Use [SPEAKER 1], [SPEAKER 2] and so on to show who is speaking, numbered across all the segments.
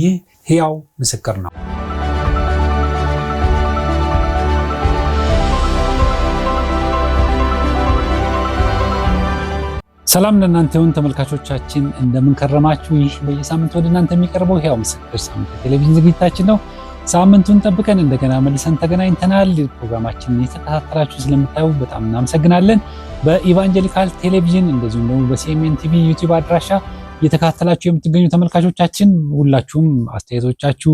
[SPEAKER 1] ይህ ሕያው ምስክር ነው። ሰላም ለእናንተ ይሁን ተመልካቾቻችን፣ እንደምንከረማችሁ። ይህ በየሳምንት ወደ እናንተ የሚቀርበው ሕያው ምስክር ሳምንት ቴሌቪዥን ዝግጅታችን ነው። ሳምንቱን ጠብቀን እንደገና መልሰን ተገናኝተናል። ፕሮግራማችንን የተከታተላችሁ ስለምታዩ በጣም እናመሰግናለን። በኢቫንጀሊካል ቴሌቪዥን እንደዚሁም ደግሞ በሲኤምኤን ቲቪ ዩቲዩብ አድራሻ እየተካተላችሁ የምትገኙ ተመልካቾቻችን ሁላችሁም አስተያየቶቻችሁ፣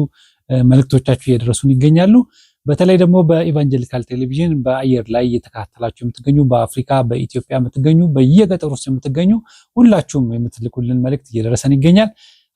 [SPEAKER 1] መልእክቶቻችሁ እየደረሱን ይገኛሉ። በተለይ ደግሞ በኢቫንጀሊካል ቴሌቪዥን በአየር ላይ እየተካተላችሁ የምትገኙ በአፍሪካ በኢትዮጵያ የምትገኙ በየገጠሩ ውስጥ የምትገኙ ሁላችሁም የምትልኩልን መልእክት እየደረሰን ይገኛል።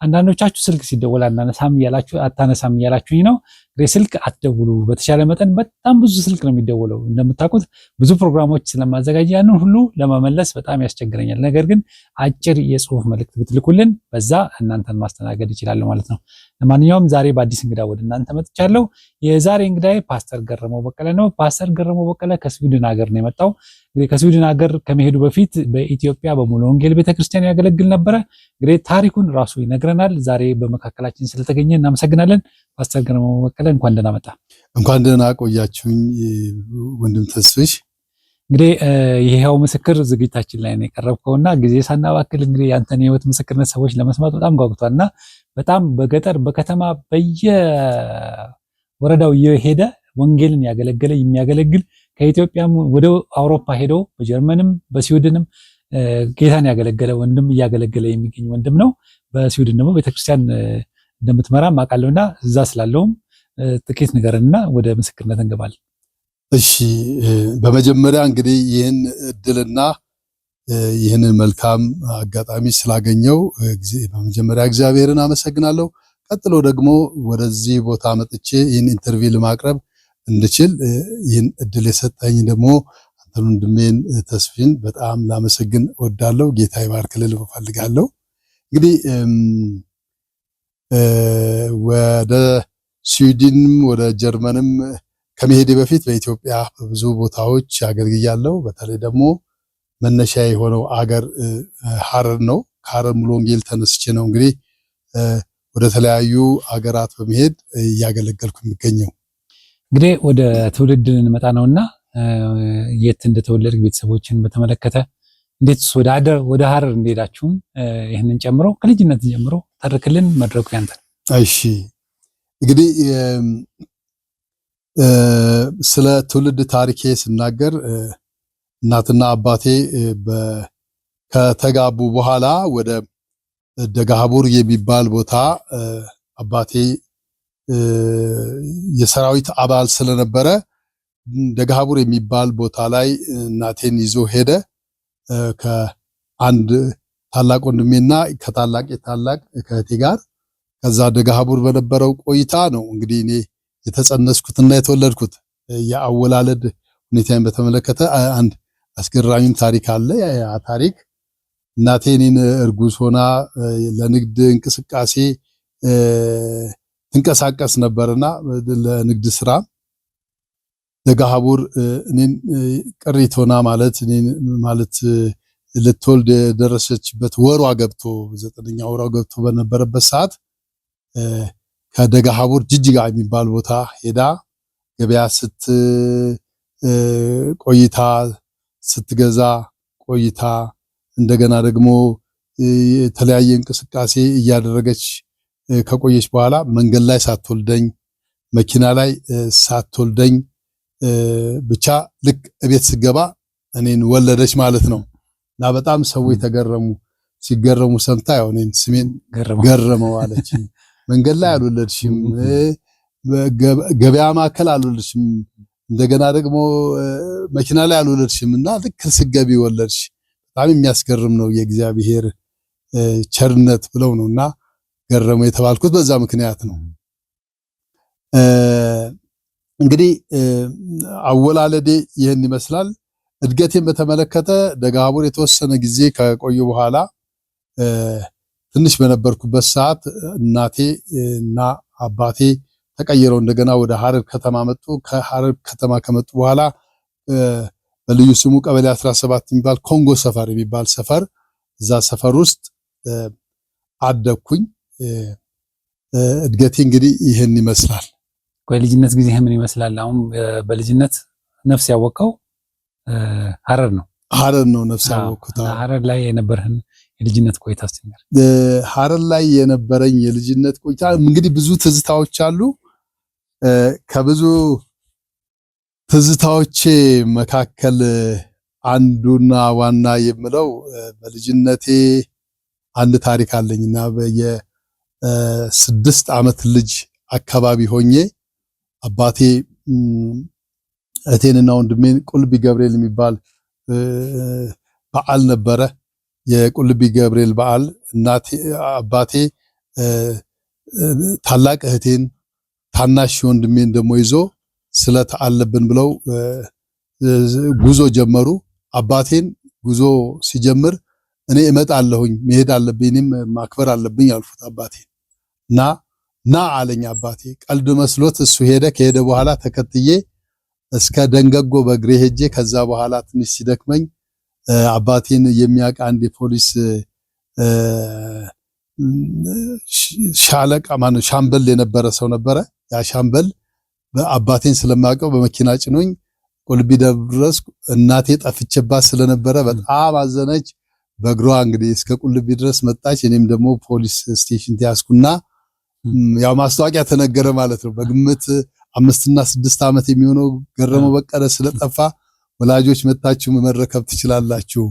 [SPEAKER 1] አንዳንዶቻችሁ ስልክ ሲደወል አናነሳም እያላችሁ አታነሳም እያላችሁኝ ነው። እንግዲህ ስልክ አትደውሉ። በተቻለ መጠን በጣም ብዙ ስልክ ነው የሚደወለው። እንደምታውቁት ብዙ ፕሮግራሞች ስለማዘጋጅ ያንን ሁሉ ለመመለስ በጣም ያስቸግረኛል። ነገር ግን አጭር የጽሁፍ መልእክት ብትልኩልን በዛ እናንተን ማስተናገድ ይችላል ማለት ነው። ለማንኛውም ዛሬ በአዲስ እንግዳ ወደ እናንተ መጥቻለሁ። የዛሬ እንግዳይ ፓስተር ገረመው በቀለ ነው። ፓስተር ገረመው በቀለ ከስዊድን ሀገር ነው የመጣው። እንግዲህ ከስዊድን ሀገር ከመሄዱ በፊት በኢትዮጵያ በሙሉ ወንጌል ቤተክርስቲያን ያገለግል ነበረ። እንግዲህ ታሪኩን ራሱ ይነግረናል። ዛሬ በመካከላችን ስለተገኘ እናመሰግናለን። ፓስተር ገረመው በቀለ እንኳን ደህና መጣ።
[SPEAKER 2] እንኳን ደህና ቆያችሁኝ ወንድም ተስፍሽ
[SPEAKER 1] እንግዲህ ይሄው ምስክር ዝግጅታችን ላይ ነው እና ጊዜ ሳናባክል እንግዲህ ያንተን የህይወት ምስክርነት ሰዎች ለመስማት በጣም ጓጉቷልና በጣም በገጠር በከተማ በየወረዳው የሄደ ወንጌልን ያገለገለ የሚያገለግል ከኢትዮጵያም ወደ አውሮፓ ሄዶ በጀርመንም በስዊድንም ጌታን ያገለገለ ወንድም እያገለገለ የሚገኝ ወንድም ነው። በስዊድን ደግሞ ቤተክርስቲያን እንደምትመራ አውቃለሁና እዛ ስላለውም ጥቂት ንገረንና ወደ ምስክርነት እንገባለን።
[SPEAKER 2] እሺ በመጀመሪያ እንግዲህ ይህን እድልና ይህንን መልካም አጋጣሚ ስላገኘው በመጀመሪያ እግዚአብሔርን አመሰግናለሁ። ቀጥሎ ደግሞ ወደዚህ ቦታ መጥቼ ይህን ኢንተርቪው ለማቅረብ እንድችል ይህን እድል የሰጠኝ ደግሞ አንተን ወንድሜን ተስፊን በጣም ላመሰግን ወዳለሁ። ጌታ ይባርክልል እፈልጋለሁ። እንግዲህ ወደ ስዊድንም ወደ ጀርመንም ከመሄዴ በፊት በኢትዮጵያ በብዙ ቦታዎች አገልግያለሁ። በተለይ ደግሞ መነሻ የሆነው አገር ሀረር ነው። ከሀረር ሙሉ ወንጌል ተነስቼ ነው እንግዲህ ወደ ተለያዩ አገራት በመሄድ እያገለገልኩ የሚገኘው።
[SPEAKER 1] እንግዲህ ወደ ትውልድ እንመጣ ነውና የት እንደተወለድክ ቤተሰቦችን በተመለከተ እንዴት ወደ አደር ወደ ሀረር እንደሄዳችሁም ይህንን ጨምሮ ከልጅነት ጀምሮ ተርክልን፣ መድረኩ ያንተ ነው።
[SPEAKER 2] እሺ እንግዲህ ስለ ትውልድ ታሪኬ ስናገር እናትና አባቴ ከተጋቡ በኋላ ወደ ደጋሀቡር የሚባል ቦታ አባቴ የሰራዊት አባል ስለነበረ ደጋሀቡር የሚባል ቦታ ላይ እናቴን ይዞ ሄደ። ከአንድ ታላቅ ወንድሜና ከታላቅ የታላቅ ከእህቴ ጋር ከዛ ደጋሀቡር በነበረው ቆይታ ነው እንግዲህ እኔ የተጸነስኩትና የተወለድኩት የአወላለድ ሁኔታን በተመለከተ አንድ አስገራሚም ታሪክ አለ። ያ ታሪክ እናቴ እኔን እርጉዝ ሆና ለንግድ እንቅስቃሴ ትንቀሳቀስ ነበርና ለንግድ ስራ ደጋሃቡር እኔን ቅሪት ሆና ማለት እኔን ማለት ልትወልድ የደረሰችበት ወሯ ገብቶ ዘጠነኛ ወሯ ገብቶ በነበረበት ሰዓት ከደጋ ሀቡር ጅጅጋ የሚባል ቦታ ሄዳ ገበያ ስት ቆይታ ስትገዛ ቆይታ እንደገና ደግሞ የተለያየ እንቅስቃሴ እያደረገች ከቆየች በኋላ መንገድ ላይ ሳትወልደኝ መኪና ላይ ሳትወልደኝ ብቻ ልክ እቤት ስገባ እኔን ወለደች ማለት ነው እና በጣም ሰዎች ተገረሙ። ሲገረሙ ሰምታ ያው እኔን ስሜን ገረመው አለች። መንገድ ላይ አልወለድሽም፣ ገበያ ማዕከል አልወለድሽም፣ እንደገና ደግሞ መኪና ላይ አልወለድሽም እና ልክ ስትገቢ ወለድሽ። በጣም የሚያስገርም ነው የእግዚአብሔር ቸርነት ብለው ነው እና ገረሙ የተባልኩት በዛ ምክንያት ነው። እንግዲህ አወላለዴ ይህን ይመስላል። እድገቴን በተመለከተ ደጋቡር የተወሰነ ጊዜ ከቆዩ በኋላ ትንሽ በነበርኩበት ሰዓት እናቴ እና አባቴ ተቀይረው እንደገና ወደ ሀረር ከተማ መጡ። ከሀረር ከተማ ከመጡ በኋላ በልዩ ስሙ ቀበሌ 17 የሚባል ኮንጎ ሰፈር የሚባል ሰፈር እዛ ሰፈር ውስጥ አደግኩኝ። እድገቴ እንግዲህ ይህን ይመስላል።
[SPEAKER 1] የልጅነት ጊዜ ምን ይመስላል? አሁን በልጅነት ነፍስ ያወቀው ሀረር ነው።
[SPEAKER 2] ሀረር ነው ነፍስ ያወቅኩት።
[SPEAKER 1] ሀረር ላይ የነበርህን የልጅነት ቆይታ ሲነር
[SPEAKER 2] ሀረር ላይ የነበረኝ የልጅነት ቆይታ እንግዲህ ብዙ ትዝታዎች አሉ። ከብዙ ትዝታዎቼ መካከል አንዱና ዋና የምለው በልጅነቴ አንድ ታሪክ እና የስድስት ዓመት ልጅ አካባቢ ሆኜ አባቴ እህቴንና ወንድሜን ቁልቢ ገብርኤል የሚባል በዓል ነበረ። የቁልቢ ገብርኤል በዓል እናቴ አባቴ ታላቅ እህቴን ታናሽ ወንድሜን ደግሞ ይዞ ስለት አለብን ብለው ጉዞ ጀመሩ። አባቴን ጉዞ ሲጀምር እኔ እመጣለሁኝ መሄድ አለብኝ እኔም ማክበር አለብኝ ያልፉት አባቴ ና ና አለኝ አባቴ ቀልድ መስሎት እሱ ሄደ። ከሄደ በኋላ ተከትዬ እስከ ደንገጎ በእግሬ ሄጄ ከዛ በኋላ ትንሽ ሲደክመኝ አባቴን የሚያውቅ አንድ የፖሊስ ሻለቃ ማነው ሻምበል የነበረ ሰው ነበረ። ያ ሻምበል አባቴን ስለማውቀው በመኪና ጭኖኝ ቁልቢ ደብረስ እናቴ ጠፍቼባት ስለነበረ በጣም አዘነች። በእግሯ እንግዲህ እስከ ቁልቢ ድረስ መጣች። እኔም ደግሞ ፖሊስ ስቴሽን ተያዝኩና ያው ማስታወቂያ ተነገረ ማለት ነው። በግምት አምስትና ስድስት ዓመት የሚሆነው ገረመው በቀለ ስለጠፋ ወላጆች መታችሁ መረከብ ትችላላችሁ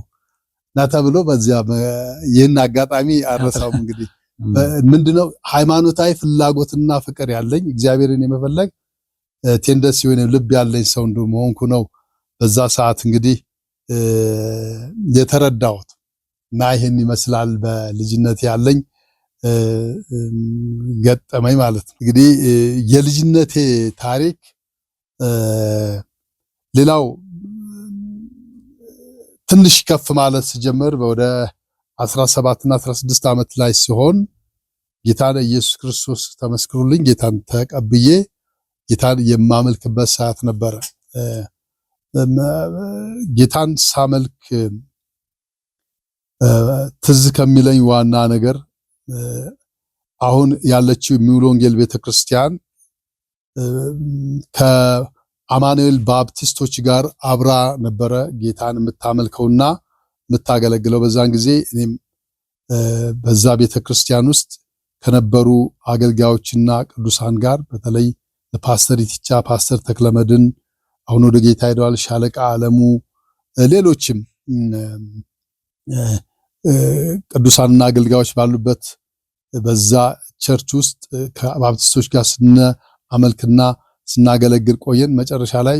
[SPEAKER 2] እና ተብሎ በዚያ ይህን አጋጣሚ አረሳውም። እንግዲህ ምንድነው ሃይማኖታዊ ፍላጎትና ፍቅር ያለኝ እግዚአብሔርን የመፈለግ ቴንደስ ወይም ልብ ያለኝ ሰው እንደ መሆንኩ ነው በዛ ሰዓት እንግዲህ የተረዳሁት እና ይህን ይመስላል በልጅነት ያለኝ ገጠመኝ ማለት ነው። እንግዲህ የልጅነቴ ታሪክ ሌላው ትንሽ ከፍ ማለት ሲጀምር ወደ 17 እና 16 ዓመት ላይ ሲሆን ጌታን ኢየሱስ ክርስቶስ ተመስክሩልኝ ጌታን ተቀብዬ ጌታን የማመልክበት ሰዓት ነበረ። ጌታን ሳመልክ ትዝ ከሚለኝ ዋና ነገር አሁን ያለችው የሚውል ወንጌል ቤተክርስቲያን አማኑኤል ባፕቲስቶች ጋር አብራ ነበረ ጌታን የምታመልከውና የምታገለግለው። በዛን ጊዜ እኔም በዛ ቤተክርስቲያን ውስጥ ከነበሩ አገልጋዮችና ቅዱሳን ጋር በተለይ ለፓስተር ኢቲቻ፣ ፓስተር ተክለመድን አሁን ወደ ጌታ ሄደዋል፣ ሻለቃ አለሙ፣ ሌሎችም ቅዱሳንና አገልጋዮች ባሉበት በዛ ቸርች ውስጥ ከባፕቲስቶች ጋር ስነ አመልክና ስናገለግል ቆየን። መጨረሻ ላይ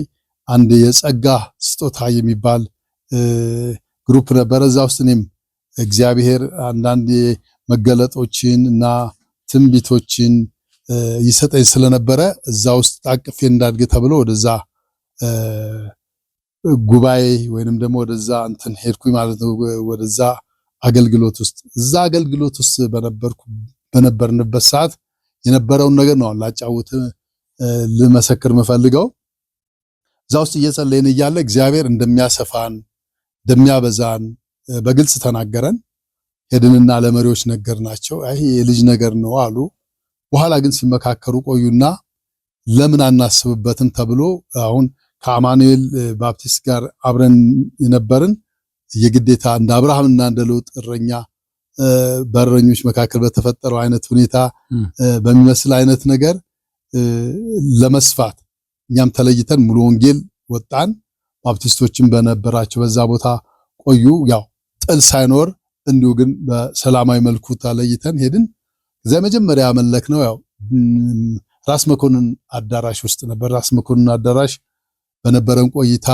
[SPEAKER 2] አንድ የጸጋ ስጦታ የሚባል ግሩፕ ነበረ። እዛ ውስጥ እኔም እግዚአብሔር አንዳንድ መገለጦችን እና ትንቢቶችን ይሰጠኝ ስለነበረ እዛ ውስጥ ጣቅፌ እንዳድግ ተብሎ ወደዛ ጉባኤ ወይንም ደግሞ ወደዛ እንትን ሄድኩኝ ማለት ነው። ወደዛ አገልግሎት ውስጥ እዛ አገልግሎት ውስጥ በነበርኩ በነበርንበት ሰዓት የነበረውን ነገር ነው ላጫውት ልመሰክር ምፈልገው እዛ ውስጥ እየጸለይን እያለ እግዚአብሔር እንደሚያሰፋን እንደሚያበዛን በግልጽ ተናገረን። ሄድንና ለመሪዎች ነገር ናቸው። ይሄ የልጅ ነገር ነው አሉ። በኋላ ግን ሲመካከሩ ቆዩና ለምን አናስብበትም ተብሎ አሁን ከአማኑኤል ባፕቲስት ጋር አብረን የነበርን የግዴታ እንደ አብርሃምና እንደ ሎጥ እረኛ በረኞች መካከል በተፈጠረው አይነት ሁኔታ በሚመስል አይነት ነገር ለመስፋት እኛም ተለይተን ሙሉ ወንጌል ወጣን። ባፕቲስቶችን በነበራቸው በዛ ቦታ ቆዩ። ያው ጥል ሳይኖር እንዲሁ ግን በሰላማዊ መልኩ ተለይተን ሄድን። እዚያ መጀመሪያ መለክ ነው ያው ራስ መኮንን አዳራሽ ውስጥ ነበር። ራስ መኮንን አዳራሽ በነበረን ቆይታ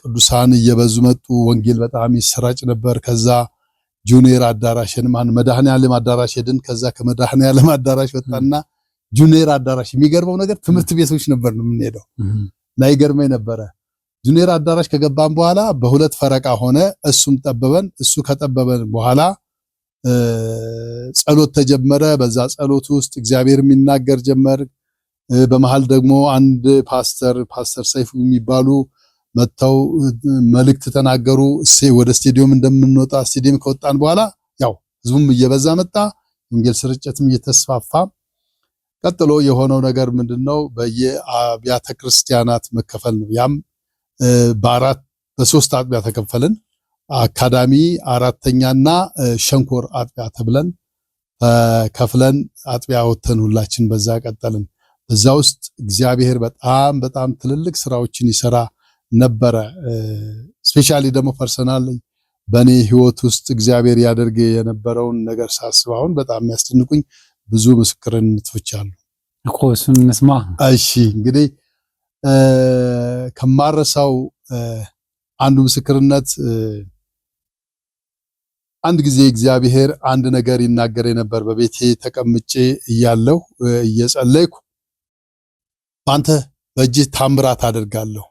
[SPEAKER 2] ቅዱሳን እየበዙ መጡ። ወንጌል በጣም ይሰራጭ ነበር። ከዛ ጁኒየር አዳራሽን ማን መድኃኔ አዳራሽ ሄድን። ከዛ ከመድኃኔ አዳራሽ ወጣና ጁኒየር አዳራሽ የሚገርመው ነገር ትምህርት ቤቶች ነበር ነው የምንሄደው እና ይገርመኝ ነበረ። ጁኒየር አዳራሽ ከገባን በኋላ በሁለት ፈረቃ ሆነ። እሱም ጠበበን። እሱ ከጠበበን በኋላ ጸሎት ተጀመረ። በዛ ጸሎት ውስጥ እግዚአብሔር የሚናገር ጀመር። በመሃል ደግሞ አንድ ፓስተር ፓስተር ሰይፉ የሚባሉ መጥተው መልእክት ተናገሩ። ወደ ስቴዲየም እንደምንወጣ ስቴዲየም ከወጣን በኋላ ያው ህዝቡም እየበዛ መጣ። ወንጌል ስርጭትም እየተስፋፋ ቀጥሎ የሆነው ነገር ምንድን ነው? በየአብያተ ክርስቲያናት መከፈል ነው። ያም በአራት በሶስት አጥቢያ ተከፈልን። አካዳሚ አራተኛና ሸንኮር አጥቢያ ተብለን ከፍለን አጥቢያ ወተን ሁላችን በዛ ቀጠልን። በዛ ውስጥ እግዚአብሔር በጣም በጣም ትልልቅ ስራዎችን ይሰራ ነበረ። ስፔሻሊ ደግሞ ፐርሰናል በእኔ ህይወት ውስጥ እግዚአብሔር ያደርግ የነበረውን ነገር ሳስብ አሁን በጣም የሚያስደንቁኝ ብዙ ምስክርነቶች አሉ
[SPEAKER 1] እኮ እሱን እንስማ። እሺ
[SPEAKER 2] እንግዲህ ከማረሳው አንዱ ምስክርነት አንድ ጊዜ እግዚአብሔር አንድ ነገር ይናገር ነበር። በቤቴ ተቀምጬ እያለሁ እየጸለይኩ በአንተ በእጅህ ታምራት አደርጋለሁ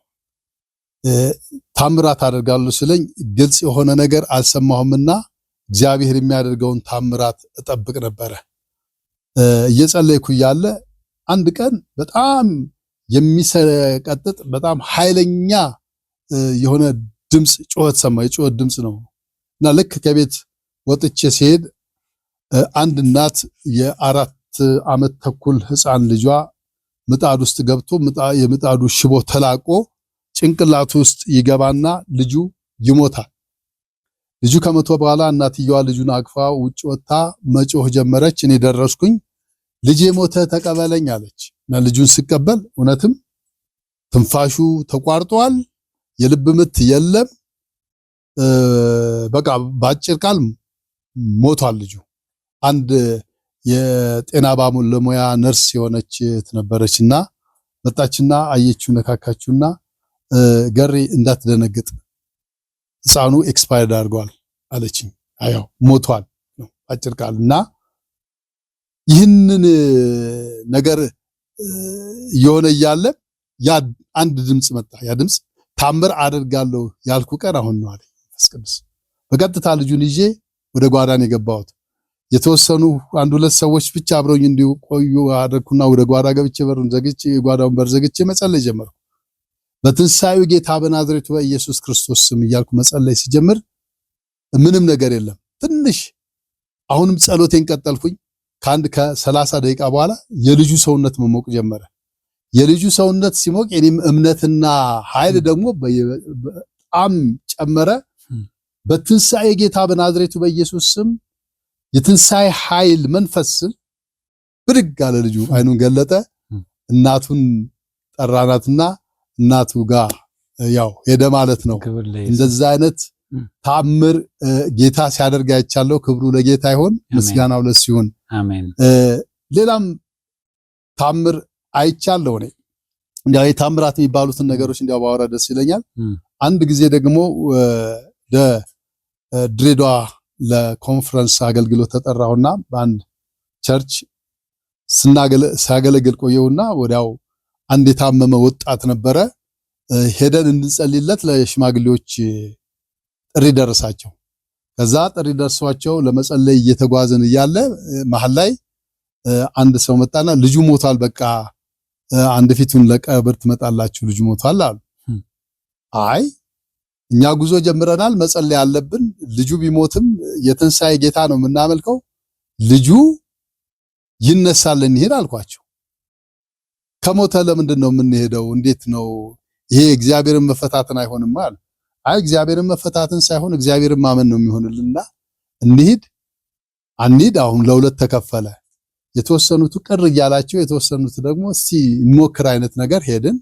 [SPEAKER 2] ታምራት አደርጋለሁ ስለኝ ግልጽ የሆነ ነገር አልሰማሁምና እግዚአብሔር የሚያደርገውን ታምራት እጠብቅ ነበረ። እየጸለይኩ እያለ አንድ ቀን በጣም የሚሰቀጥጥ በጣም ኃይለኛ የሆነ ድምፅ ጩኸት ሰማ። የጩኸት ድምፅ ነው እና ልክ ከቤት ወጥቼ ሲሄድ አንድ እናት የአራት ዓመት ተኩል ህፃን ልጇ ምጣድ ውስጥ ገብቶ የምጣዱ ሽቦ ተላቆ ጭንቅላቱ ውስጥ ይገባና ልጁ ይሞታል። ልጁ ከመቶ በኋላ እናትየዋ ልጁን አቅፋ ውጭ ወጥታ መጮህ ጀመረች። እኔ ደረስኩኝ፣ ልጅ የሞተ ተቀበለኝ አለች እና ልጁን ስቀበል እውነትም ትንፋሹ ተቋርጧል፣ የልብ ምት የለም። በቃ በአጭር ቃል ሞቷል ልጁ። አንድ የጤና ባለሙያ ነርስ የሆነች እና መጣችና አየችው፣ ነካካችውና ገሬ እንዳትደነግጥ ሕፃኑ ኤክስፓየርድ አድርገዋል አለችኝ። አያው ሞቷል ነው አጭር ቃሉ እና ይህንን ነገር እየሆነ እያለ ያ አንድ ድምፅ መጣ። ያ ድምፅ ታምር አደርጋለሁ ያልኩ ቀን አሁን ነው አለ መንፈስ ቅዱስ። በቀጥታ ልጁን ይዤ ወደ ጓዳን የገባሁት የተወሰኑ አንድ ሁለት ሰዎች ብቻ አብረውኝ እንዲቆዩ አደርኩና ወደ ጓዳ ገብቼ በሩን ዘግቼ የጓዳውን በር ዘግቼ መጸለይ ጀመርኩ። በትንሣኤው ጌታ በናዝሬቱ በኢየሱስ ክርስቶስ ስም እያልኩ መጸለይ ሲጀምር ምንም ነገር የለም። ትንሽ አሁንም ጸሎቴን ቀጠልኩኝ። ከአንድ ከሰላሳ ደቂቃ በኋላ የልጁ ሰውነት መሞቅ ጀመረ። የልጁ ሰውነት ሲሞቅ የኔም እምነትና ኃይል ደግሞ በጣም ጨመረ። በትንሣኤ ጌታ በናዝሬቱ በኢየሱስ ስም የትንሣኤ ኃይል መንፈስ ብድግ አለ። ልጁ አይኑን ገለጠ። እናቱን ጠራናትና እናቱ ጋር ያው ሄደ ማለት ነው። እንደዛ አይነት ታምር ጌታ ሲያደርግ አይቻለው ክብሩ ለጌታ ይሁን፣ ምስጋናው ለሱ ይሁን። ሌላም ታምር አይቻለው እኔ እንዲያው የታምራት የሚባሉትን ነገሮች እንዲያው ባወራ ደስ ይለኛል። አንድ ጊዜ ደግሞ ድሬዳዋ ለኮንፈረንስ አገልግሎት ተጠራሁና በአንድ ቸርች ሳገለግል ቆየሁና ወዲያው አንድ የታመመ ወጣት ነበረ። ሄደን እንጸልይለት ለሽማግሌዎች ጥሪ ደረሳቸው። ከዛ ጥሪ ደርሷቸው ለመጸለይ እየተጓዘን እያለ መሀል ላይ አንድ ሰው መጣና ልጁ ሞቷል፣ በቃ አንድ ፊቱን ለቀብር ትመጣላችሁ፣ ልጁ ሞቷል አሉ። አይ እኛ ጉዞ ጀምረናል፣ መጸለይ አለብን። ልጁ ቢሞትም የትንሣኤ ጌታ ነው የምናመልከው፣ ልጁ ይነሳልን እንሂድ አልኳቸው። ከሞተ ለምንድን ነው የምንሄደው? እንዴት ነው ይሄ እግዚአብሔርን መፈታትን አይሆንም አለ። አይ እግዚአብሔርን መፈታትን ሳይሆን እግዚአብሔርን ማመን ነው የሚሆንልና እንሂድ አንሂድ። አሁን ለሁለት ተከፈለ። የተወሰኑት ቅር እያላቸው፣ የተወሰኑት ደግሞ እስቲ እንሞክር አይነት ነገር ሄድን።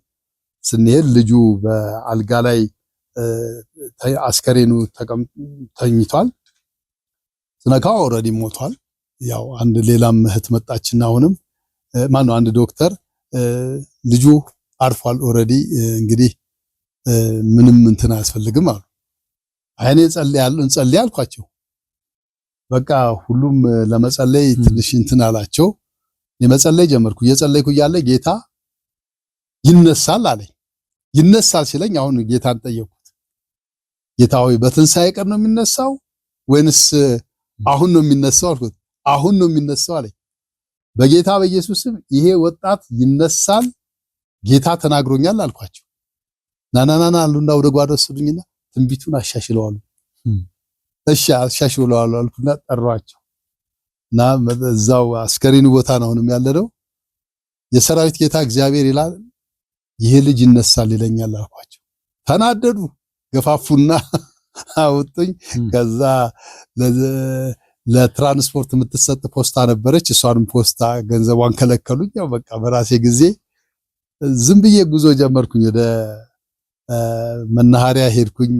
[SPEAKER 2] ስንሄድ ልጁ በአልጋ ላይ አስከሬኑ ተኝቷል። ስነካው ኦልሬዲ ሞቷል። ያው አንድ ሌላም እህት መጣችና አሁንም ማነው አንድ ዶክተር ልጁ አርፏል ኦልሬዲ እንግዲህ ምንም እንትን አያስፈልግም አሉ። አይኔ ጸልያለሁ እንጸልይ አልኳቸው። በቃ ሁሉም ለመጸለይ ትንሽ እንትን አላቸው። የመጸለይ ጀመርኩ። እየጸለይኩ እያለ ጌታ ይነሳል አለኝ። ይነሳል ሲለኝ አሁን ጌታን ጠየቅኩት። ጌታ ሆይ በትንሣኤ ቀን ነው የሚነሳው ወይንስ አሁን ነው የሚነሳው አልኩት። አሁን ነው የሚነሳው አለኝ። በጌታ በኢየሱስም ይሄ ወጣት ይነሳል፣ ጌታ ተናግሮኛል አልኳቸው። ናናናና አሉና ወደ ጓዳ ወሰዱኝና ትንቢቱን አሻሽለዋሉ። እሺ አሻሽለዋሉ አልኩና ጠሯቸው እና እዛው አስከሬኑ ቦታ ነው አሁንም ያለነው። የሰራዊት ጌታ እግዚአብሔር ይላል ይሄ ልጅ ይነሳል ይለኛል አልኳቸው። ተናደዱ፣ ገፋፉና አውጡኝ ከዛ ለትራንስፖርት የምትሰጥ ፖስታ ነበረች። እሷንም ፖስታ ገንዘቧን ከለከሉኝ። ያው በቃ በራሴ ጊዜ ዝም ብዬ ጉዞ ጀመርኩኝ። ወደ መናኸሪያ ሄድኩኝ።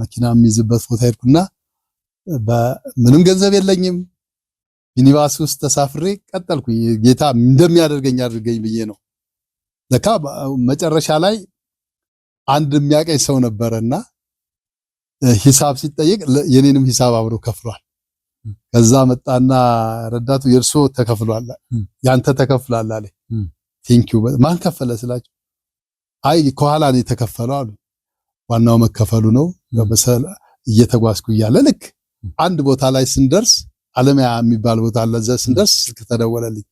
[SPEAKER 2] መኪና የሚይዝበት ቦታ ሄድኩና ምንም ገንዘብ የለኝም። ሚኒባስ ውስጥ ተሳፍሬ ቀጠልኩኝ። ጌታ እንደሚያደርገኝ አድርገኝ ብዬ ነው። ለካ መጨረሻ ላይ አንድ የሚያቀኝ ሰው እና ሂሳብ ሲጠየቅ የኔንም ሂሳብ አብሮ ከፍሏል። ከዛ መጣና ረዳቱ የእርሶ ተከፍሏል፣ ያንተ ተከፍሏል አለ። ቲንክ ዩ ማን ከፈለ ስላቸው፣ አይ ከኋላ ነው የተከፈለው አሉ። ዋናው መከፈሉ ነው። በመሰል እየተጓዝኩ እያለ ልክ አንድ ቦታ ላይ ስንደርስ አለሚያ የሚባል ቦታ አለ። እዛ ስንደርስ ስልክ ተደወለልኝ።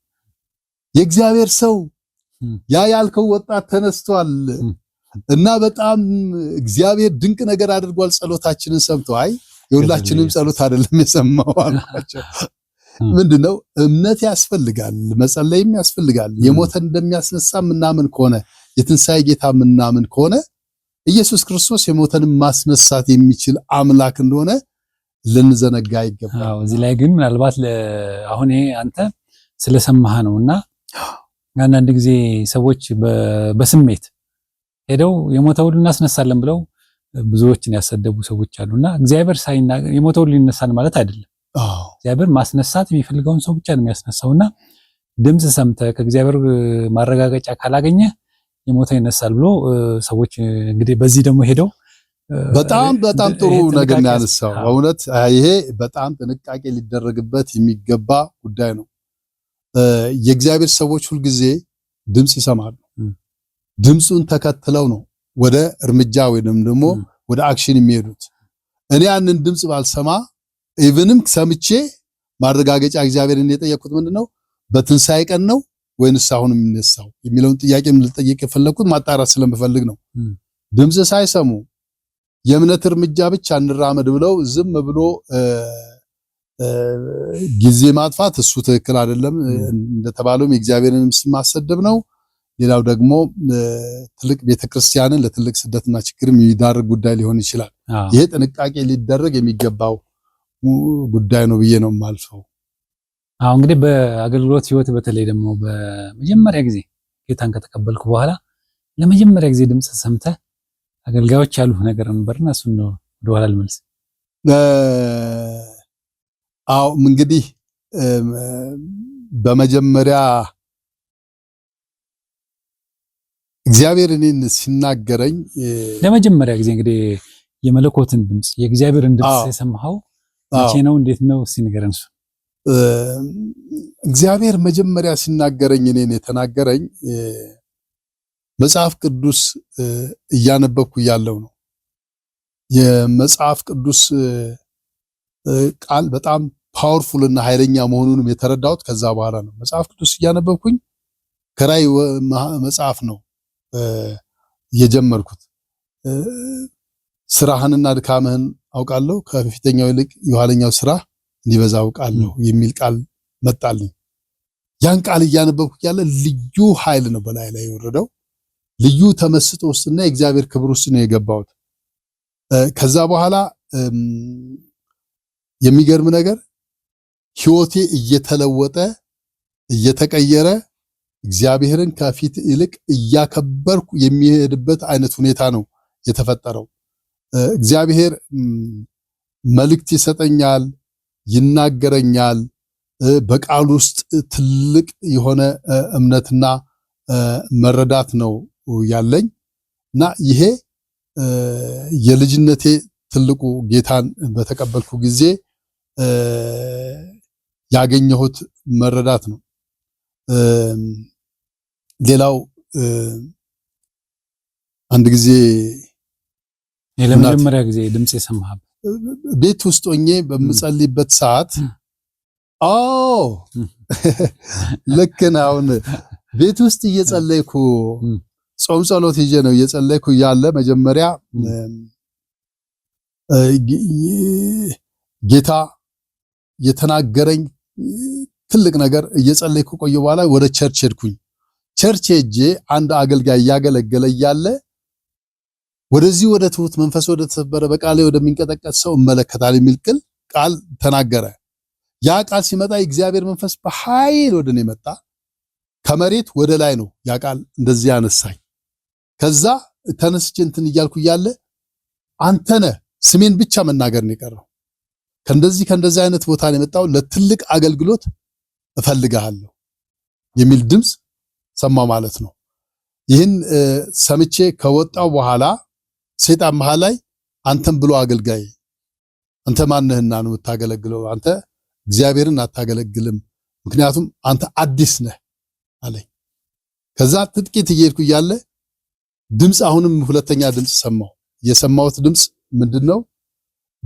[SPEAKER 2] የእግዚአብሔር ሰው ያ ያልከው ወጣት ተነስቷል እና በጣም እግዚአብሔር ድንቅ ነገር አድርጓል፣ ጸሎታችንን ሰምቶ አይ የሁላችንም ጸሎት አይደለም የሰማው አልኳቸው። ምንድን ነው እምነት ያስፈልጋል፣ መጸለይም ያስፈልጋል። የሞተን እንደሚያስነሳ ምናምን ከሆነ የትንሣኤ ጌታ ምናምን ከሆነ ኢየሱስ ክርስቶስ የሞተንም ማስነሳት የሚችል አምላክ እንደሆነ ልንዘነጋ
[SPEAKER 1] ይገባል። እዚህ ላይ ግን ምናልባት አሁን ይሄ አንተ ስለሰማህ ነውና አንዳንድ ጊዜ ሰዎች በስሜት ሄደው የሞተውን እናስነሳለን ብለው ብዙዎችን ያሰደቡ ሰዎች አሉና እግዚአብሔር ሳይናገር የሞተውን ሊነሳን ማለት አይደለም። እግዚአብሔር ማስነሳት የሚፈልገውን ሰው ብቻ ነው የሚያስነሳውና ድምፅ ሰምተ ከእግዚአብሔር ማረጋገጫ ካላገኘ የሞተ ይነሳል ብሎ ሰዎች እንግዲህ በዚህ ደግሞ ሄደው
[SPEAKER 2] በጣም በጣም ጥሩ ነገር ነው ያነሳው። በእውነት ይሄ በጣም ጥንቃቄ ሊደረግበት የሚገባ ጉዳይ ነው። የእግዚአብሔር ሰዎች ሁልጊዜ ድምፅ ይሰማሉ። ድምፁን ተከትለው ነው ወደ እርምጃ ወይንም ደግሞ ወደ አክሽን የሚሄዱት። እኔ ያንን ድምፅ ባልሰማ ኢቭንም ሰምቼ ማረጋገጫ እግዚአብሔርን የጠየቅኩት ምንድነው በትንሳኤ ቀን ነው ወይንስ አሁን የሚነሳው የሚለውን ጥያቄ ልጠየቅ የፈለግኩት ማጣራት ስለምፈልግ ነው። ድምፅ ሳይሰሙ የእምነት እርምጃ ብቻ እንራመድ ብለው ዝም ብሎ ጊዜ ማጥፋት እሱ ትክክል አይደለም። እንደተባለውም የእግዚአብሔርንም ስም ማሰደብ ነው። ሌላው ደግሞ ትልቅ ቤተክርስቲያንን ለትልቅ ስደትና ችግር የሚዳርግ ጉዳይ ሊሆን ይችላል። ይሄ ጥንቃቄ ሊደረግ የሚገባው ጉዳይ ነው ብዬ ነው የማልፈው።
[SPEAKER 1] አሁ እንግዲህ በአገልግሎት ህይወት በተለይ ደግሞ በመጀመሪያ ጊዜ ጌታን ከተቀበልኩ በኋላ ለመጀመሪያ ጊዜ ድምፅ ሰምተ አገልጋዮች ያሉ ነገር ነበርና እሱ ወደኋላ ልመልስ።
[SPEAKER 2] አዎ እንግዲህ በመጀመሪያ እግዚአብሔር እኔን ሲናገረኝ
[SPEAKER 1] ለመጀመሪያ ጊዜ እንግዲህ የመለኮትን ድምፅ የእግዚአብሔርን ድምፅ የሰማኸው መቼ ነው? እንዴት ነው? እስኪ ንገረን። እሱ
[SPEAKER 2] እግዚአብሔር መጀመሪያ ሲናገረኝ እኔን የተናገረኝ መጽሐፍ ቅዱስ እያነበብኩ ያለው ነው። የመጽሐፍ ቅዱስ ቃል በጣም ፓወርፉል እና ኃይለኛ መሆኑንም የተረዳሁት ከዛ በኋላ ነው። መጽሐፍ ቅዱስ እያነበብኩኝ ከራይ መጽሐፍ ነው የጀመርኩት። ስራህንና ድካምህን አውቃለሁ፣ ከፊተኛው ይልቅ የኋለኛው ስራ እንዲበዛ አውቃለሁ የሚል ቃል መጣልኝ። ያን ቃል እያነበብኩ ያለ ልዩ ኃይል ነው በላይ ላይ የወረደው። ልዩ ተመስጦ ውስጥና የእግዚአብሔር ክብር ውስጥ ነው የገባሁት። ከዛ በኋላ የሚገርም ነገር ህይወቴ እየተለወጠ እየተቀየረ እግዚአብሔርን ከፊት ይልቅ እያከበርኩ የሚሄድበት አይነት ሁኔታ ነው የተፈጠረው። እግዚአብሔር መልእክት ይሰጠኛል፣ ይናገረኛል። በቃል ውስጥ ትልቅ የሆነ እምነትና መረዳት ነው ያለኝ እና ይሄ የልጅነቴ ትልቁ ጌታን በተቀበልኩ ጊዜ ያገኘሁት መረዳት ነው። ሌላው አንድ ጊዜ
[SPEAKER 1] ለመጀመሪያ ጊዜ ድምጽ የሰማህ
[SPEAKER 2] ቤት ውስጥ ሆኜ በምጸልይበት ሰዓት ኦ ልክ አሁን ቤት ውስጥ እየጸለይኩ ጾም ጸሎት ይዤ ነው እየጸለይኩ ያለ መጀመሪያ ጌታ የተናገረኝ ትልቅ ነገር እየጸለይኩ ቆየ። በኋላ ወደ ቸርች ሄድኩኝ። ቸርች ሄጄ አንድ አገልጋይ እያገለገለ እያለ ወደዚህ ወደ ትሁት መንፈስ ወደ ተሰበረ በቃሌ ወደሚንቀጠቀጥ ሰው እመለከታል የሚል ቅል ቃል ተናገረ። ያ ቃል ሲመጣ የእግዚአብሔር መንፈስ በኃይል ወደ እኔ መጣ። ከመሬት ወደ ላይ ነው ያ ቃል እንደዚህ ያነሳኝ። ከዛ ተነስቼ እንትን እያልኩ እያለ አንተነ ስሜን ብቻ መናገር ነው የቀረው። ከእንደዚህ ከእንደዚህ አይነት ቦታ ነው የመጣው። ለትልቅ አገልግሎት እፈልግሃለሁ የሚል ድምፅ ሰማ ማለት ነው። ይህን ሰምቼ ከወጣው በኋላ ሴጣን መሃል ላይ አንተም ብሎ አገልጋይ አንተ ማንህና ነው የምታገለግለው? አንተ እግዚአብሔርን አታገለግልም፣ ምክንያቱም አንተ አዲስ ነህ አለኝ። ከዛ ጥቂት እየሄድኩ እያለ ድምፅ አሁንም ሁለተኛ ድምፅ ሰማሁ። የሰማሁት ድምፅ ምንድነው?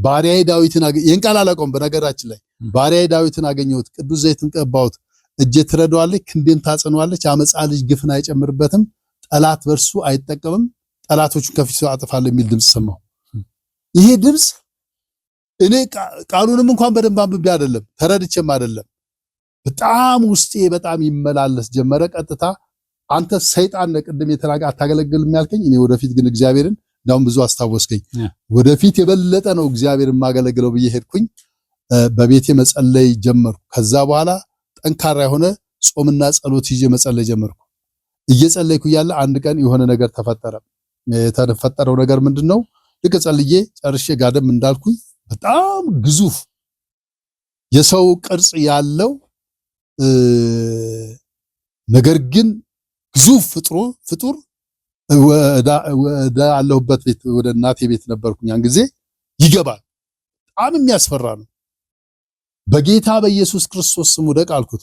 [SPEAKER 2] ባሪያዬ ዳዊትን የእንቃል አላቆም በነገራችን ላይ ባሪያዬ ዳዊትን አገኘሁት፣ ቅዱስ ዘይትን ቀባሁት፣ እጄ ትረዳዋለች፣ ክንዴን ታጽነዋለች። አመፃ ልጅ ግፍን አይጨምርበትም፣ ጠላት በእርሱ አይጠቀምም፣ ጠላቶቹን ከፊቱ አጥፋለሁ የሚል ድምፅ ሰማሁ። ይሄ ድምፅ እኔ ቃሉንም እንኳን በደንብ አንብቤ አይደለም ተረድቼም አይደለም በጣም ውስጤ በጣም ይመላለስ ጀመረ። ቀጥታ አንተ ሰይጣን ቅድም የተናገ አታገለግልም ያልከኝ እኔ ወደፊት ግን እግዚአብሔርን እንዳውም ብዙ አስታወስከኝ። ወደፊት የበለጠ ነው እግዚአብሔርን ማገለግለው ብዬ ሄድኩኝ። በቤቴ መጸለይ ጀመርኩ። ከዛ በኋላ ጠንካራ የሆነ ጾምና ጸሎት ይዤ መጸለይ ጀመርኩ። እየጸለይኩ እያለ አንድ ቀን የሆነ ነገር ተፈጠረ። የተፈጠረው ነገር ምንድን ነው? ልክ ጸልዬ ጨርሼ ጋደም እንዳልኩኝ በጣም ግዙፍ የሰው ቅርጽ ያለው ነገር ግን ግዙፍ ፍጥሮ ፍጡር ወደ አለሁበት ቤት ወደ እናቴ ቤት ነበርኩኝ ያን ጊዜ ይገባል። በጣም የሚያስፈራ ነው። በጌታ በኢየሱስ ክርስቶስ ስም ውደቅ አልኩት።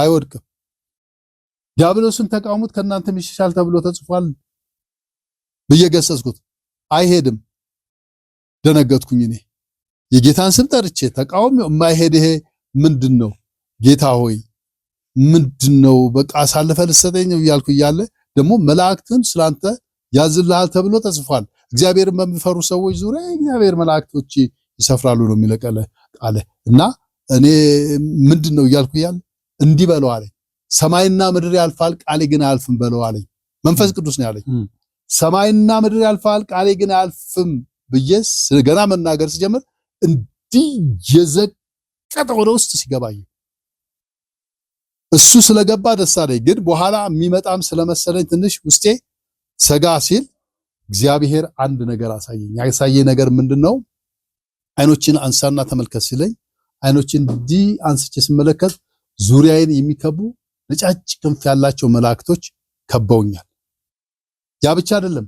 [SPEAKER 2] አይወድቅም። ዲያብሎስን ተቃውሙት ከእናንተም ይሸሻል ተብሎ ተጽፏል ብዬ ገሰጽኩት። አይሄድም። ደነገጥኩኝ። እኔ የጌታን ስም ጠርቼ ተቃውሜው የማይሄድ ይሄ ምንድን ነው? ጌታ ሆይ ምንድን ነው? በቃ አሳልፈ ልሰጠኝ እያልኩ እያለ ደግሞ መላእክትን ስላንተ ያዝልሃል ተብሎ ተጽፏል። እግዚአብሔርን በሚፈሩ ሰዎች ዙሪያ የእግዚአብሔር መላእክቶች ይሰፍራሉ ነው የሚለቀለ አለ እና እኔ ምንድን ነው እያልኩ እያለ እንዲህ በለው አለኝ። ሰማይና ምድር ያልፋል ቃሌ ግን አያልፍም በለው አለኝ። መንፈስ ቅዱስ ነው ያለኝ። ሰማይና ምድር ያልፋል ቃሌ ግን አያልፍም ብዬ ገና መናገር ስጀምር እንዲህ የዘቀጠ ወደ ውስጥ ሲገባኝ እሱ ስለገባ ደስ አለኝ። ግን በኋላ የሚመጣም ስለመሰለኝ ትንሽ ውስጤ ሰጋ ሲል እግዚአብሔር አንድ ነገር አሳየኝ። ያሳየ ነገር ምንድን ነው? አይኖችን አንሳና ተመልከት ሲለኝ አይኖችን ዲ አንስቼ ስመለከት ዙሪያዬን የሚከቡ ነጫጭ ክንፍ ያላቸው መላእክቶች ከበውኛል። ያ ብቻ አይደለም።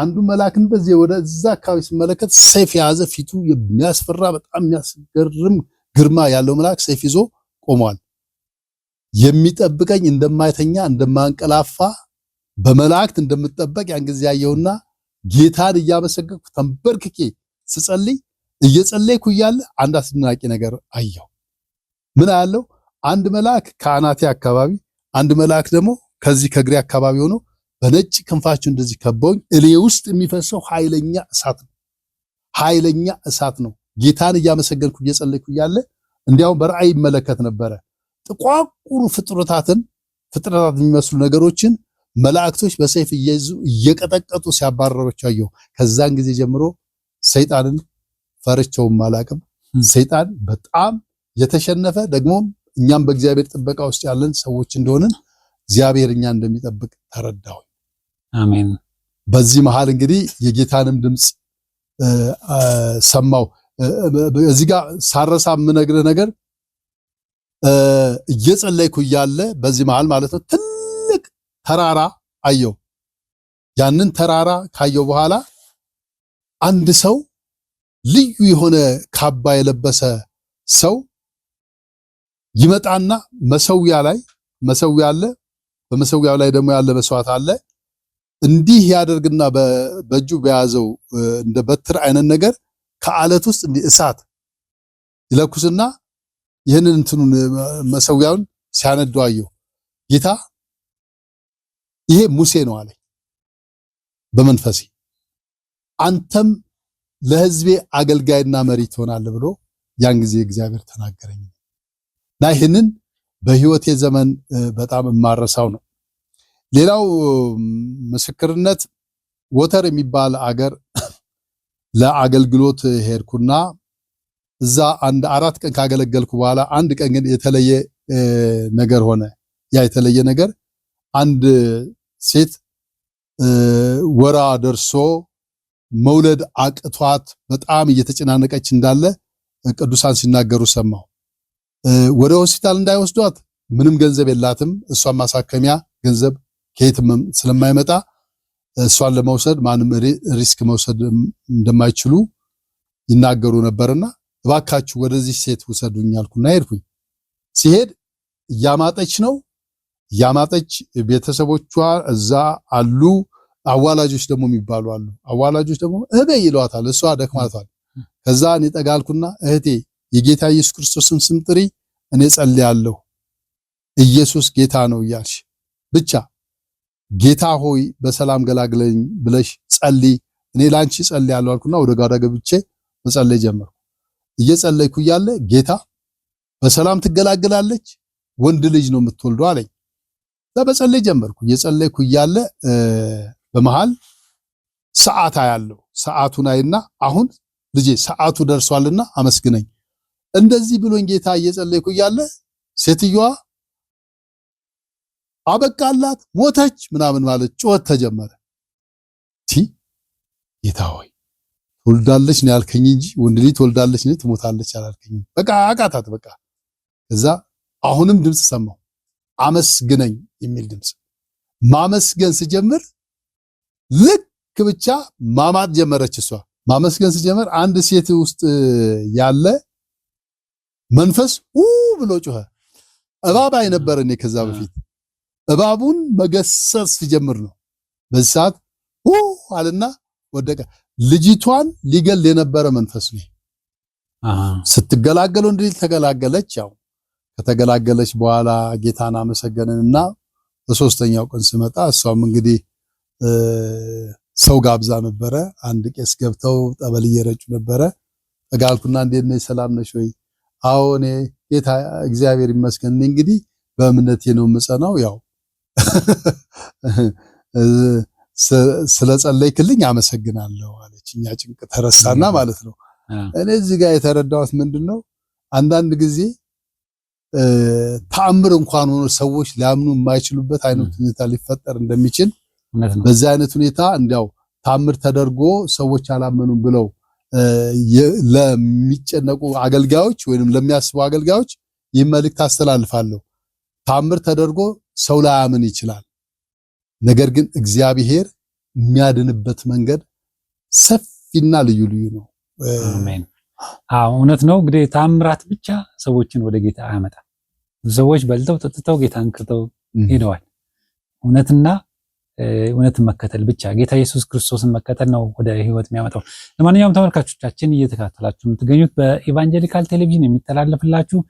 [SPEAKER 2] አንዱ መልአክን በዚህ ወደዛ አካባቢ ስመለከት ሰይፍ የያዘ ፊቱ የሚያስፈራ በጣም የሚያስገርም ግርማ ያለው መልአክ ሰይፍ ይዞ ቆሟል። የሚጠብቀኝ እንደማይተኛ እንደማንቀላፋ በመላእክት እንደምጠበቅ ያን ጊዜ ያየውና ጌታን እያመሰገንኩ ተንበርክኬ ስጸልይ እየጸለይኩ እያለ አንድ አስደናቂ ነገር አየሁ። ምን አያለው? አንድ መልአክ ከአናቴ አካባቢ፣ አንድ መልአክ ደግሞ ከዚህ ከእግሬ አካባቢ ሆኖ በነጭ ክንፋቸው እንደዚህ ከበውኝ፣ እኔ ውስጥ የሚፈሰው ኃይለኛ እሳት ነው። ኃይለኛ እሳት ነው። ጌታን እያመሰገንኩ እየጸለይኩ እያለ እንዲያውም በራእይ ይመለከት ነበረ። ጥቋቁሩ ፍጥረታትን ፍጥረታት የሚመስሉ ነገሮችን መላእክቶች በሰይፍ እየቀጠቀጡ ሲያባረሮች አየሁ። ከዛን ጊዜ ጀምሮ ሰይጣንን ፈርቸውም አላቅም። ሰይጣን በጣም የተሸነፈ ደግሞ እኛም በእግዚአብሔር ጥበቃ ውስጥ ያለን ሰዎች እንደሆንን እግዚአብሔር እኛ እንደሚጠብቅ ተረዳሁ። አሜን። በዚህ መሃል እንግዲህ የጌታንም ድምፅ ሰማው። እዚህ ጋር ሳረሳ የምነግርህ ነገር እየጸለይኩ እያለ በዚህ መሃል ማለት ነው ትልቅ ተራራ አየው። ያንን ተራራ ካየው በኋላ አንድ ሰው ልዩ የሆነ ካባ የለበሰ ሰው ይመጣና መሰዊያ ላይ መሰዊያ አለ። በመሰዊያው ላይ ደግሞ ያለ መስዋዕት አለ። እንዲህ ያደርግና በእጁ በያዘው እንደ በትር አይነት ነገር ከአለት ውስጥ እንዲህ እሳት ይለኩስና ይህንን እንትኑን መሰዊያውን ሲያነደው አየሁ። ጌታ ይሄ ሙሴ ነው አለኝ በመንፈሴ አንተም ለህዝቤ አገልጋይና መሪ ትሆናለህ ብሎ ያን ጊዜ እግዚአብሔር ተናገረኝ እና ይህንን በህይወቴ ዘመን በጣም የማረሳው ነው። ሌላው ምስክርነት ወተር የሚባል አገር ለአገልግሎት ሄድኩና እዛ አንድ አራት ቀን ካገለገልኩ በኋላ አንድ ቀን ግን የተለየ ነገር ሆነ። ያ የተለየ ነገር አንድ ሴት ወራ ደርሶ መውለድ አቅቷት በጣም እየተጨናነቀች እንዳለ ቅዱሳን ሲናገሩ ሰማሁ። ወደ ሆስፒታል እንዳይወስዷት ምንም ገንዘብ የላትም። እሷን ማሳከሚያ ገንዘብ ከየትም ስለማይመጣ እሷን ለመውሰድ ማንም ሪስክ መውሰድ እንደማይችሉ ይናገሩ ነበርና እባካችሁ ወደዚህ ሴት ውሰዱኝ አልኩና ሄድኩኝ። ሲሄድ እያማጠች ነው እያማጠች ቤተሰቦቿ እዛ አሉ። አዋላጆች ደግሞ የሚባሉ አሉ። አዋላጆች ደግሞ እህቤ ይሏታል፣ እሷ ደክማታል። ከዛ እኔ ጠጋልኩና እህቴ የጌታ ኢየሱስ ክርስቶስን ስም ጥሪ፣ እኔ ጸልያለሁ፣ ኢየሱስ ጌታ ነው እያልሽ ብቻ ጌታ ሆይ በሰላም ገላግለኝ ብለሽ ጸልይ፣ እኔ ላንቺ ጸልያለሁ አልኩና ወደ ጓዳ ገብቼ መጸለይ ጀመርኩ። እየጸለይኩ እያለ ጌታ በሰላም ትገላግላለች፣ ወንድ ልጅ ነው የምትወልደው አለኝ። በጸለይ ጀመርኩ። እየጸለይኩ እያለ በመሃል ሰዓት አያለው። ሰዓቱን አይና አሁን ልጄ ሰዓቱ ደርሷልና አመስግነኝ እንደዚህ ብሎኝ ጌታ እየጸለይኩ እያለ ሴትዮዋ አበቃላት ሞተች ምናምን ማለት ጩኸት ተጀመረ። ቲ ጌታ ሆይ ትወልዳለች ነው ያልከኝ እንጂ ወንድ ልጅ ትወልዳለች ነው ትሞታለች አላልከኝ። በቃ አቃታት። በቃ ከዛ አሁንም ድምፅ ሰማሁ፣ አመስግነኝ የሚል ድምፅ። ማመስገን ስጀምር ልክ ብቻ ማማጥ ጀመረች። እሷ ማመስገን ሲጀመር አንድ ሴት ውስጥ ያለ መንፈስ ኡ ብሎ ጮኸ። እባብ አይነበር እኔ ከዛ በፊት እባቡን መገሰጽ ሲጀምር ነው። በዚህ ሰዓት ኡ አለና ወደቀ። ልጅቷን ሊገል የነበረ መንፈስ ነው። ስትገላገሉ እንዲል ተገላገለች። ያው ከተገላገለች በኋላ ጌታን አመሰገንንና በሶስተኛው ቀን ስመጣ እሷም እንግዲህ ሰው ጋብዛ ነበረ። አንድ ቄስ ገብተው ጠበል እየረጩ ነበረ። ጠጋልኩና እንዴት ነሽ? ሰላም ነሽ ወይ? አዎ እኔ ጌታ እግዚአብሔር ይመስገን እንግዲህ በእምነቴ ነው የምጸናው። ያው ስለጸለይክልኝ አመሰግናለሁ አለች። እኛ ጭንቅ ተረሳና ማለት ነው። እኔ እዚህ ጋር የተረዳሁት ምንድን ነው አንዳንድ ጊዜ ተአምር እንኳን ሆኖ ሰዎች ሊያምኑ የማይችሉበት አይነት ሁኔታ ሊፈጠር እንደሚችል በዚህ አይነት ሁኔታ እንዲያው ታምር ተደርጎ ሰዎች አላመኑም ብለው ለሚጨነቁ አገልጋዮች ወይም ለሚያስቡ አገልጋዮች ይህ መልእክት አስተላልፋለሁ። ታምር ተደርጎ ሰው ላያምን ይችላል። ነገር ግን እግዚአብሔር የሚያድንበት መንገድ ሰፊና ልዩ ልዩ ነው።
[SPEAKER 1] አሜን። አዎ እውነት ነው። እንግዲህ ታምራት ብቻ ሰዎችን ወደ ጌታ አያመጣም። ሰዎች በልተው ጠጥተው ጌታን ክርተው ሄደዋል። እውነትና እውነትን መከተል ብቻ ጌታ ኢየሱስ ክርስቶስን መከተል ነው ወደ ህይወት የሚያመጣው። ለማንኛውም ተመልካቾቻችን እየተከታተላችሁ የምትገኙት በኢቫንጀሊካል ቴሌቪዥን የሚተላለፍላችሁ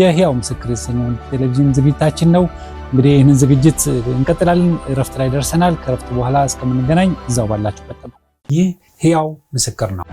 [SPEAKER 1] የህያው ምስክር የተሰኘውን ቴሌቪዥን ዝግጅታችን ነው። እንግዲህ ይህንን ዝግጅት እንቀጥላለን። እረፍት ላይ ደርሰናል። ከእረፍት በኋላ እስከምንገናኝ እዛው ባላችሁበት ይህ ህያው ምስክር ነው።